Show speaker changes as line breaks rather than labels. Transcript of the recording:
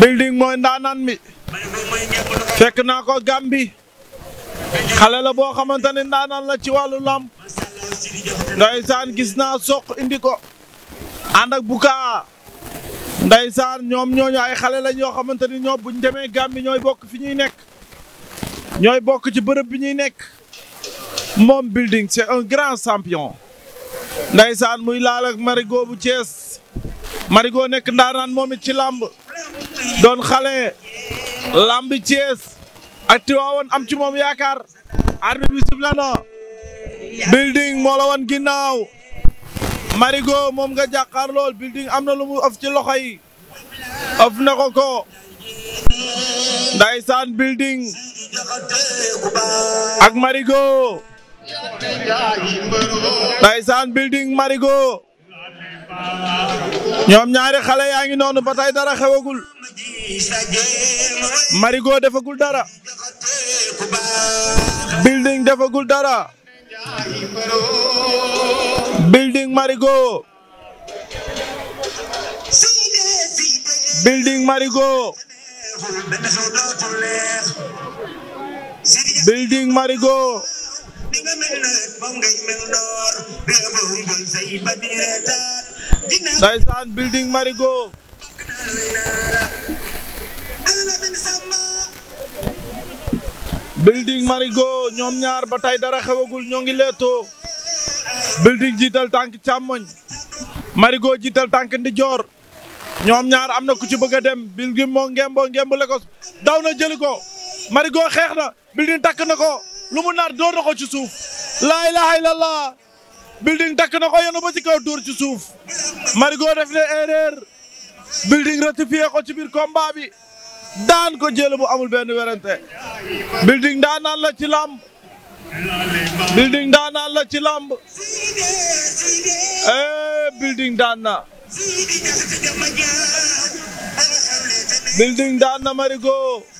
building mooy ndaanaan mi fekk naa ko Gàmbi xale la boo xamante ne ndaanaan la ci wàllu lamb ndaysaan gis naa soq indi ko ànd ak nday ndaysaan ñoom ñooñu ay xale la ñoo xamante ni ñoom buñ demee Gàmbi ñooy bokk fi ñuy nekk ñooy bokk ci bërëb bi ñuy nekk moom building c'est un grand champion ndaysaan muy laal marigo bu Thiès marigot nekk ndaanaan moom ci làmb doon xale lamb Thiès ak Tiwaawoon am ci moom yaakaar arbitre bi sifle na building moo la woon ginnaaw marigo moom nga jàkkaar lool building am na lu of ci loxo yi of na ko ko ndaysaan building ak marigo ndaysaan building marigo ñoom ñaari xale yaa ngi noonu ba tey dara xewagul marigot defagul dara building defagul dara building marigot building marigot Ndeysaan building Marigot building Marigot ñoom ñaar ba tay dara xewagul ñoo ngi leetoo building jiital tànk càmmoñ Marigot jiital tànk ndijoor ñoom ñaar am na ku ci bëgg a dem building moo ngemboo ngemb le ko daw na jëli ko Marigot xeex na building takk na ko lu mu naar door na ko ci suuf laa ilaha illallah building takk na ko yenu ba ci kaw dóor ci suuf marigot def ne erreur building rectifié ci biir combat bi daan ko jël bu amul benn werante building daan naan la ci làmb building daan naan la ci làmb eh building